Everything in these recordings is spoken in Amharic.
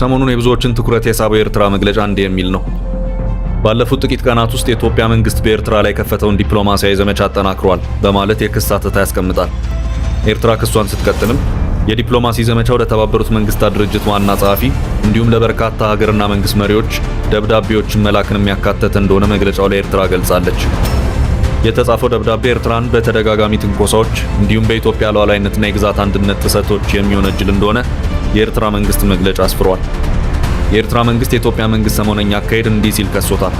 ሰሞኑን የብዙዎችን ትኩረት የሳበው የኤርትራ መግለጫ እንዲህ የሚል ነው። ባለፉት ጥቂት ቀናት ውስጥ የኢትዮጵያ መንግስት በኤርትራ ላይ የከፈተውን ዲፕሎማሲያዊ ዘመቻ አጠናክሯል በማለት የክስ አተታ ያስቀምጣል። ኤርትራ ክሷን ስትቀጥልም የዲፕሎማሲ ዘመቻው ለተባበሩት መንግስታት ድርጅት ዋና ጸሐፊ እንዲሁም ለበርካታ ሀገርና መንግስት መሪዎች ደብዳቤዎችን መላክን የሚያካተተ እንደሆነ መግለጫው ላይ ኤርትራ ገልጻለች። የተጻፈው ደብዳቤ ኤርትራን በተደጋጋሚ ትንኮሳዎች እንዲሁም በኢትዮጵያ ሉዓላዊነትና የግዛት አንድነት ጥሰቶች የሚወነጅል እንደሆነ የኤርትራ መንግስት መግለጫ አስፍሯል። የኤርትራ መንግስት የኢትዮጵያ መንግስት ሰሞነኛ አካሄድ እንዲህ ሲል ከሶታል።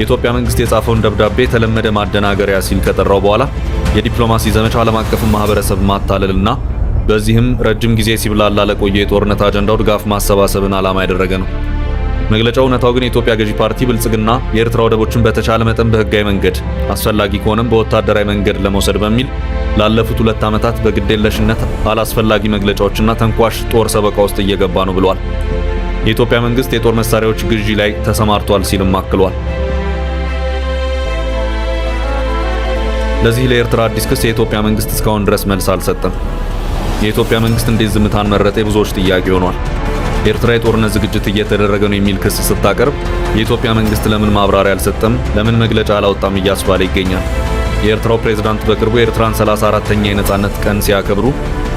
የኢትዮጵያ መንግስት የጻፈውን ደብዳቤ የተለመደ ማደናገሪያ ሲል ከጠራው በኋላ የዲፕሎማሲ ዘመቻ ዓለም አቀፍ ማህበረሰብ ማታለልና በዚህም ረጅም ጊዜ ሲብላላ ለቆየ የጦርነት አጀንዳው ድጋፍ ማሰባሰብን ዓላማ ያደረገ ነው። መግለጫው እውነታው ግን የኢትዮጵያ ገዢ ፓርቲ ብልጽግና የኤርትራ ወደቦችን በተቻለ መጠን በህጋዊ መንገድ አስፈላጊ ከሆነም በወታደራዊ መንገድ ለመውሰድ በሚል ላለፉት ሁለት ዓመታት በግዴለሽነት አላስፈላጊ መግለጫዎችና ተንኳሽ ጦር ሰበቃ ውስጥ እየገባ ነው ብሏል። የኢትዮጵያ መንግስት የጦር መሳሪያዎች ግዢ ላይ ተሰማርቷል ሲልም አክሏል። ለዚህ ለኤርትራ አዲስ ክስ የኢትዮጵያ መንግስት እስካሁን ድረስ መልስ አልሰጠም። የኢትዮጵያ መንግስት እንዴት ዝምታን መረጠ? የብዙዎች ጥያቄ ሆኗል። ኤርትራ የጦርነት ዝግጅት እየተደረገ ነው የሚል ክስ ስታቀርብ የኢትዮጵያ መንግስት ለምን ማብራሪያ አልሰጠም፣ ለምን መግለጫ አላወጣም እያስባለ ይገኛል። የኤርትራው ፕሬዝዳንት በቅርቡ የኤርትራን 34ተኛ የነጻነት ቀን ሲያከብሩ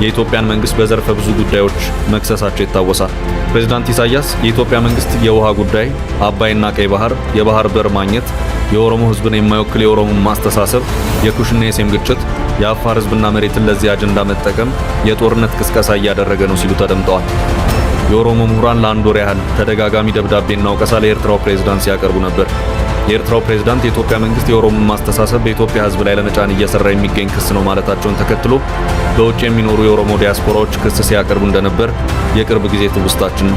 የኢትዮጵያን መንግስት በዘርፈ ብዙ ጉዳዮች መክሰሳቸው ይታወሳል። ፕሬዝዳንት ኢሳያስ የኢትዮጵያ መንግስት የውሃ ጉዳይ፣ አባይና ቀይ ባህር፣ የባህር በር ማግኘት የኦሮሞ ህዝብን የማይወክል የኦሮሞ ማስተሳሰብ፣ የኩሽና የሴም ግጭት፣ የአፋር ህዝብና መሬትን ለዚህ አጀንዳ መጠቀም የጦርነት ቅስቀሳ እያደረገ ነው ሲሉ ተደምጠዋል። የኦሮሞ ምሁራን ለአንድ ወር ያህል ተደጋጋሚ ደብዳቤና ወቀሳ ለኤርትራው ፕሬዝዳንት ሲያቀርቡ ነበር። የኤርትራው ፕሬዝዳንት የኢትዮጵያ መንግስት የኦሮሞን ማስተሳሰብ በኢትዮጵያ ሕዝብ ላይ ለመጫን እየሰራ የሚገኝ ክስ ነው ማለታቸውን ተከትሎ በውጭ የሚኖሩ የኦሮሞ ዲያስፖራዎች ክስ ሲያቀርቡ እንደነበር የቅርብ ጊዜ ትውስታችን።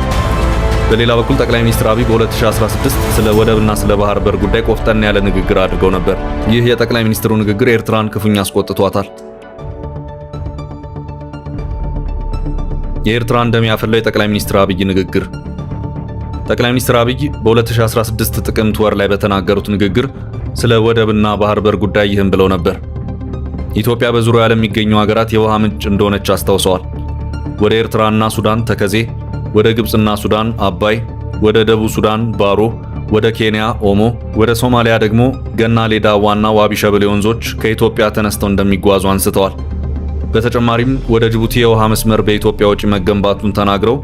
በሌላ በኩል ጠቅላይ ሚኒስትር አብይ በ2016 ስለ ወደብና ስለ ባህር በር ጉዳይ ቆፍጠና ያለ ንግግር አድርገው ነበር። ይህ የጠቅላይ ሚኒስትሩ ንግግር ኤርትራን ክፉኛ አስቆጥቷታል። የኤርትራ እንደሚያፈላው የጠቅላይ ሚኒስትር አብይ ንግግር። ጠቅላይ ሚኒስትር አብይ በ2016 ጥቅምት ወር ላይ በተናገሩት ንግግር ስለ ወደብና ባህር በር ጉዳይ ይህም ብለው ነበር። ኢትዮጵያ በዙሪያዋ ለሚገኙ ሀገራት የውሃ ምንጭ እንደሆነች አስታውሰዋል። ወደ ኤርትራና ሱዳን ተከዜ፣ ወደ ግብፅና ሱዳን አባይ፣ ወደ ደቡብ ሱዳን ባሮ፣ ወደ ኬንያ ኦሞ፣ ወደ ሶማሊያ ደግሞ ገና ሌዳዋና ዋቢ ሸበሌ ወንዞች ከኢትዮጵያ ተነስተው እንደሚጓዙ አንስተዋል። በተጨማሪም ወደ ጅቡቲ የውሃ መስመር በኢትዮጵያ ወጪ መገንባቱን ተናግረው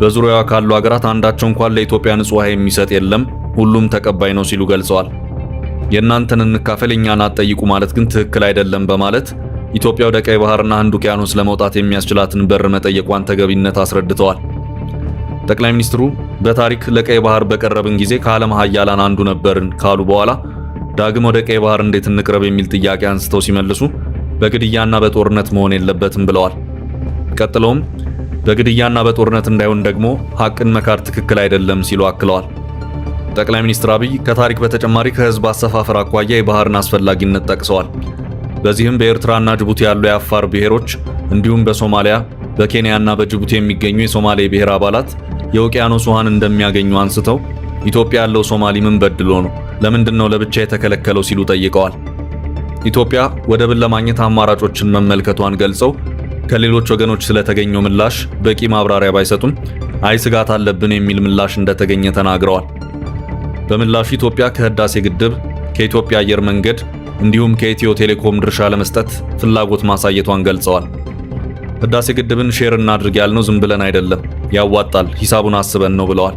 በዙሪያዋ ካሉ ሀገራት አንዳቸው እንኳን ለኢትዮጵያ ንጹህ ውሃ የሚሰጥ የለም፣ ሁሉም ተቀባይ ነው ሲሉ ገልጸዋል። የእናንተን እንካፈል እኛን አትጠይቁ ማለት ግን ትክክል አይደለም በማለት ኢትዮጵያ ወደ ቀይ ባህርና ህንድ ውቅያኖስ ለመውጣት የሚያስችላትን በር መጠየቋን ተገቢነት አስረድተዋል። ጠቅላይ ሚኒስትሩ በታሪክ ለቀይ ባህር በቀረብን ጊዜ ከዓለም ሀያላን አንዱ ነበርን ካሉ በኋላ ዳግም ወደ ቀይ ባህር እንዴት እንቅረብ የሚል ጥያቄ አንስተው ሲመልሱ በግድያና በጦርነት መሆን የለበትም ብለዋል። ቀጥሎም በግድያና በጦርነት እንዳይሆን ደግሞ ሀቅን መካድ ትክክል አይደለም ሲሉ አክለዋል። ጠቅላይ ሚኒስትር አብይ ከታሪክ በተጨማሪ ከህዝብ አሰፋፈር አኳያ የባህርን አስፈላጊነት ጠቅሰዋል። በዚህም በኤርትራና ጅቡቲ ያሉ የአፋር ብሔሮች እንዲሁም በሶማሊያ በኬንያና በጅቡቲ የሚገኙ የሶማሌ ብሔር አባላት የውቅያኖስ ውሃን እንደሚያገኙ አንስተው ኢትዮጵያ ያለው ሶማሊ ምን በድሎ ነው? ለምንድን ነው ለብቻ የተከለከለው? ሲሉ ጠይቀዋል። ኢትዮጵያ ወደብን ለማግኘት አማራጮችን መመልከቷን ገልጸው ከሌሎች ወገኖች ስለተገኘው ምላሽ በቂ ማብራሪያ ባይሰጡም አይ ስጋት አለብን የሚል ምላሽ እንደተገኘ ተናግረዋል። በምላሹ ኢትዮጵያ ከህዳሴ ግድብ፣ ከኢትዮጵያ አየር መንገድ እንዲሁም ከኢትዮ ቴሌኮም ድርሻ ለመስጠት ፍላጎት ማሳየቷን ገልጸዋል። ህዳሴ ግድብን ሼር እናድርግ ያልነው ዝም ብለን አይደለም፣ ያዋጣል፣ ሂሳቡን አስበን ነው ብለዋል።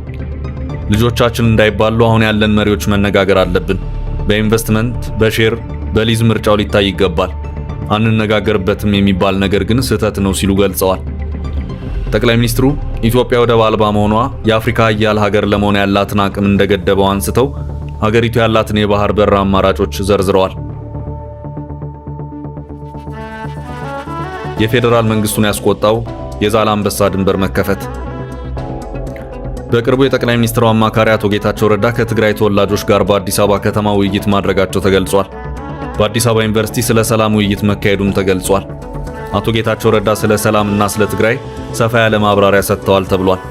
ልጆቻችን እንዳይባሉ አሁን ያለን መሪዎች መነጋገር አለብን። በኢንቨስትመንት በሼር በሊዝ ምርጫው ሊታይ ይገባል፣ አንነጋገርበትም የሚባል ነገር ግን ስህተት ነው ሲሉ ገልጸዋል። ጠቅላይ ሚኒስትሩ ኢትዮጵያ ወደብ አልባ መሆኗ የአፍሪካ ሀያል ሀገር ለመሆን ያላትን አቅም እንደገደበው አንስተው ሀገሪቱ ያላትን የባህር በር አማራጮች ዘርዝረዋል። የፌዴራል መንግስቱን ያስቆጣው የዛላምበሳ ድንበር መከፈት በቅርቡ የጠቅላይ ሚኒስትሩ አማካሪ አቶ ጌታቸው ረዳ ከትግራይ ተወላጆች ጋር በአዲስ አበባ ከተማ ውይይት ማድረጋቸው ተገልጿል። በአዲስ አበባ ዩኒቨርሲቲ ስለ ሰላም ውይይት መካሄዱም ተገልጿል። አቶ ጌታቸው ረዳ ስለ ሰላምና ስለ ትግራይ ሰፋ ያለ ማብራሪያ ሰጥተዋል ተብሏል።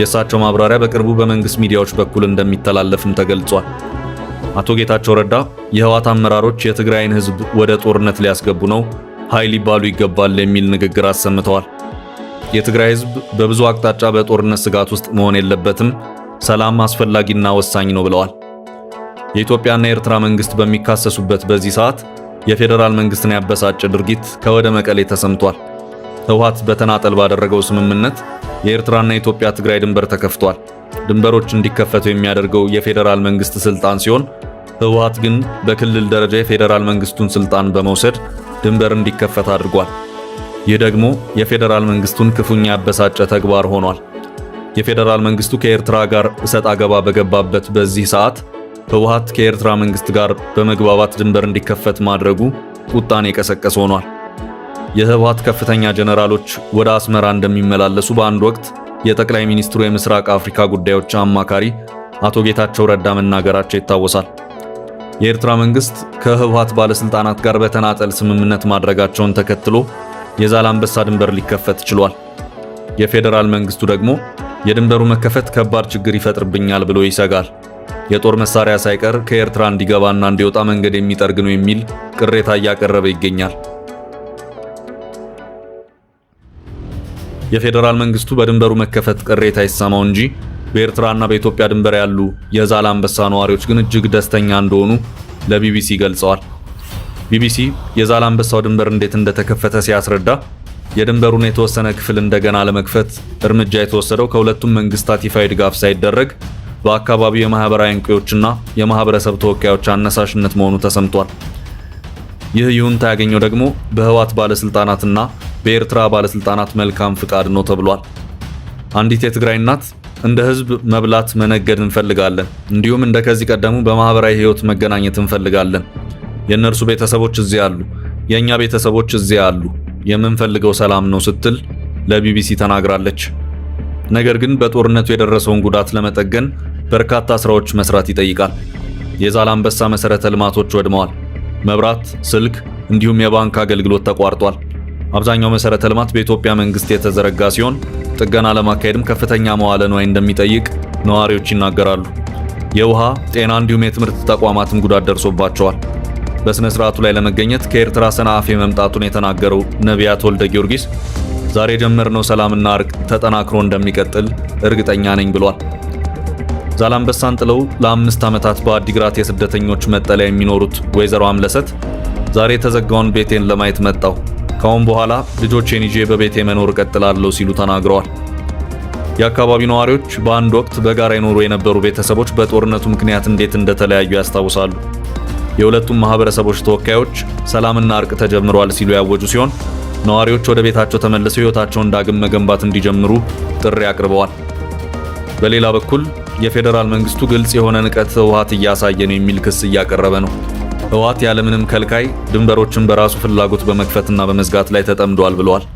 የእሳቸው ማብራሪያ በቅርቡ በመንግስት ሚዲያዎች በኩል እንደሚተላለፍም ተገልጿል። አቶ ጌታቸው ረዳ የህወሓት አመራሮች የትግራይን ህዝብ ወደ ጦርነት ሊያስገቡ ነው፣ ኃይል ሊባሉ ይገባል የሚል ንግግር አሰምተዋል። የትግራይ ህዝብ በብዙ አቅጣጫ በጦርነት ስጋት ውስጥ መሆን የለበትም፣ ሰላም አስፈላጊና ወሳኝ ነው ብለዋል። የኢትዮጵያና የኤርትራ መንግስት በሚካሰሱበት በዚህ ሰዓት የፌዴራል መንግስትን ያበሳጨ ድርጊት ከወደ መቀሌ ተሰምቷል። ህወሓት በተናጠል ባደረገው ስምምነት የኤርትራና የኢትዮጵያ ትግራይ ድንበር ተከፍቷል። ድንበሮች እንዲከፈቱ የሚያደርገው የፌዴራል መንግስት ስልጣን ሲሆን ህወሓት ግን በክልል ደረጃ የፌዴራል መንግስቱን ስልጣን በመውሰድ ድንበር እንዲከፈት አድርጓል። ይህ ደግሞ የፌዴራል መንግስቱን ክፉኛ ያበሳጨ ተግባር ሆኗል። የፌዴራል መንግስቱ ከኤርትራ ጋር እሰጥ አገባ በገባበት በዚህ ሰዓት ህወሓት ከኤርትራ መንግስት ጋር በመግባባት ድንበር እንዲከፈት ማድረጉ ቁጣን የቀሰቀሰ ሆኗል። የህወሓት ከፍተኛ ጀነራሎች ወደ አስመራ እንደሚመላለሱ በአንድ ወቅት የጠቅላይ ሚኒስትሩ የምስራቅ አፍሪካ ጉዳዮች አማካሪ አቶ ጌታቸው ረዳ መናገራቸው ይታወሳል። የኤርትራ መንግስት ከህወሓት ባለስልጣናት ጋር በተናጠል ስምምነት ማድረጋቸውን ተከትሎ የዛላንበሳ ድንበር ሊከፈት ችሏል። የፌዴራል መንግስቱ ደግሞ የድንበሩ መከፈት ከባድ ችግር ይፈጥርብኛል ብሎ ይሰጋል። የጦር መሳሪያ ሳይቀር ከኤርትራ እንዲገባና እንዲወጣ መንገድ የሚጠርግ ነው የሚል ቅሬታ እያቀረበ ይገኛል። የፌዴራል መንግስቱ በድንበሩ መከፈት ቅሬታ ይሰማው እንጂ በኤርትራና በኢትዮጵያ ድንበር ያሉ የዛላምበሳ ነዋሪዎች ግን እጅግ ደስተኛ እንደሆኑ ለቢቢሲ ገልጸዋል። ቢቢሲ የዛላምበሳው ድንበር እንዴት እንደተከፈተ ሲያስረዳ የድንበሩን የተወሰነ ክፍል እንደገና ለመክፈት እርምጃ የተወሰደው ከሁለቱም መንግስታት ይፋዊ ድጋፍ ሳይደረግ በአካባቢው የማህበራዊ አንቂዎችና የማህበረሰብ ተወካዮች አነሳሽነት መሆኑ ተሰምቷል። ይህ ይሁንታ ያገኘው ደግሞ በህዋት ባለስልጣናትና በኤርትራ ባለስልጣናት መልካም ፍቃድ ነው ተብሏል። አንዲት የትግራይ እናት እንደ ህዝብ መብላት፣ መነገድ እንፈልጋለን፣ እንዲሁም እንደ ከዚህ ቀደሙ በማህበራዊ ህይወት መገናኘት እንፈልጋለን። የእነርሱ ቤተሰቦች እዚህ አሉ፣ የእኛ ቤተሰቦች እዚህ አሉ፣ የምንፈልገው ሰላም ነው ስትል ለቢቢሲ ተናግራለች። ነገር ግን በጦርነቱ የደረሰውን ጉዳት ለመጠገን በርካታ ስራዎች መስራት ይጠይቃል። የዛላምበሳ መሰረተ ልማቶች ወድመዋል። መብራት፣ ስልክ እንዲሁም የባንክ አገልግሎት ተቋርጧል። አብዛኛው መሰረተ ልማት በኢትዮጵያ መንግስት የተዘረጋ ሲሆን ጥገና ለማካሄድም ከፍተኛ መዋለ ንዋይ እንደሚጠይቅ ነዋሪዎች ይናገራሉ። የውሃ፣ ጤና እንዲሁም የትምህርት ተቋማትም ጉዳት ደርሶባቸዋል። በስነ ስርዓቱ ላይ ለመገኘት ከኤርትራ ሰንዓፌ መምጣቱን የተናገረው ነቢያት ወልደ ጊዮርጊስ ዛሬ የጀመርነው ሰላምና እርቅ ተጠናክሮ እንደሚቀጥል እርግጠኛ ነኝ ብሏል። ዛላምበሳን ጥለው ለአምስት ዓመታት በአዲግራት የስደተኞች መጠለያ የሚኖሩት ወይዘሮ አምለሰት ዛሬ የተዘጋውን ቤቴን ለማየት መጣው፣ ካሁን በኋላ ልጆቼን ይዤ በቤቴ መኖር እቀጥላለሁ ሲሉ ተናግረዋል። የአካባቢው ነዋሪዎች በአንድ ወቅት በጋራ ይኖሩ የነበሩ ቤተሰቦች በጦርነቱ ምክንያት እንዴት እንደተለያዩ ያስታውሳሉ። የሁለቱም ማህበረሰቦች ተወካዮች ሰላምና እርቅ ተጀምሯል ሲሉ ያወጁ ሲሆን ነዋሪዎች ወደ ቤታቸው ተመልሰው ሕይወታቸውን ዳግም መገንባት እንዲጀምሩ ጥሪ አቅርበዋል። በሌላ በኩል የፌዴራል መንግስቱ ግልጽ የሆነ ንቀት ህወሓት እያሳየ ነው የሚል ክስ እያቀረበ ነው። ህወሓት ያለምንም ከልካይ ድንበሮችን በራሱ ፍላጎት በመክፈትና በመዝጋት ላይ ተጠምዷል ብለዋል።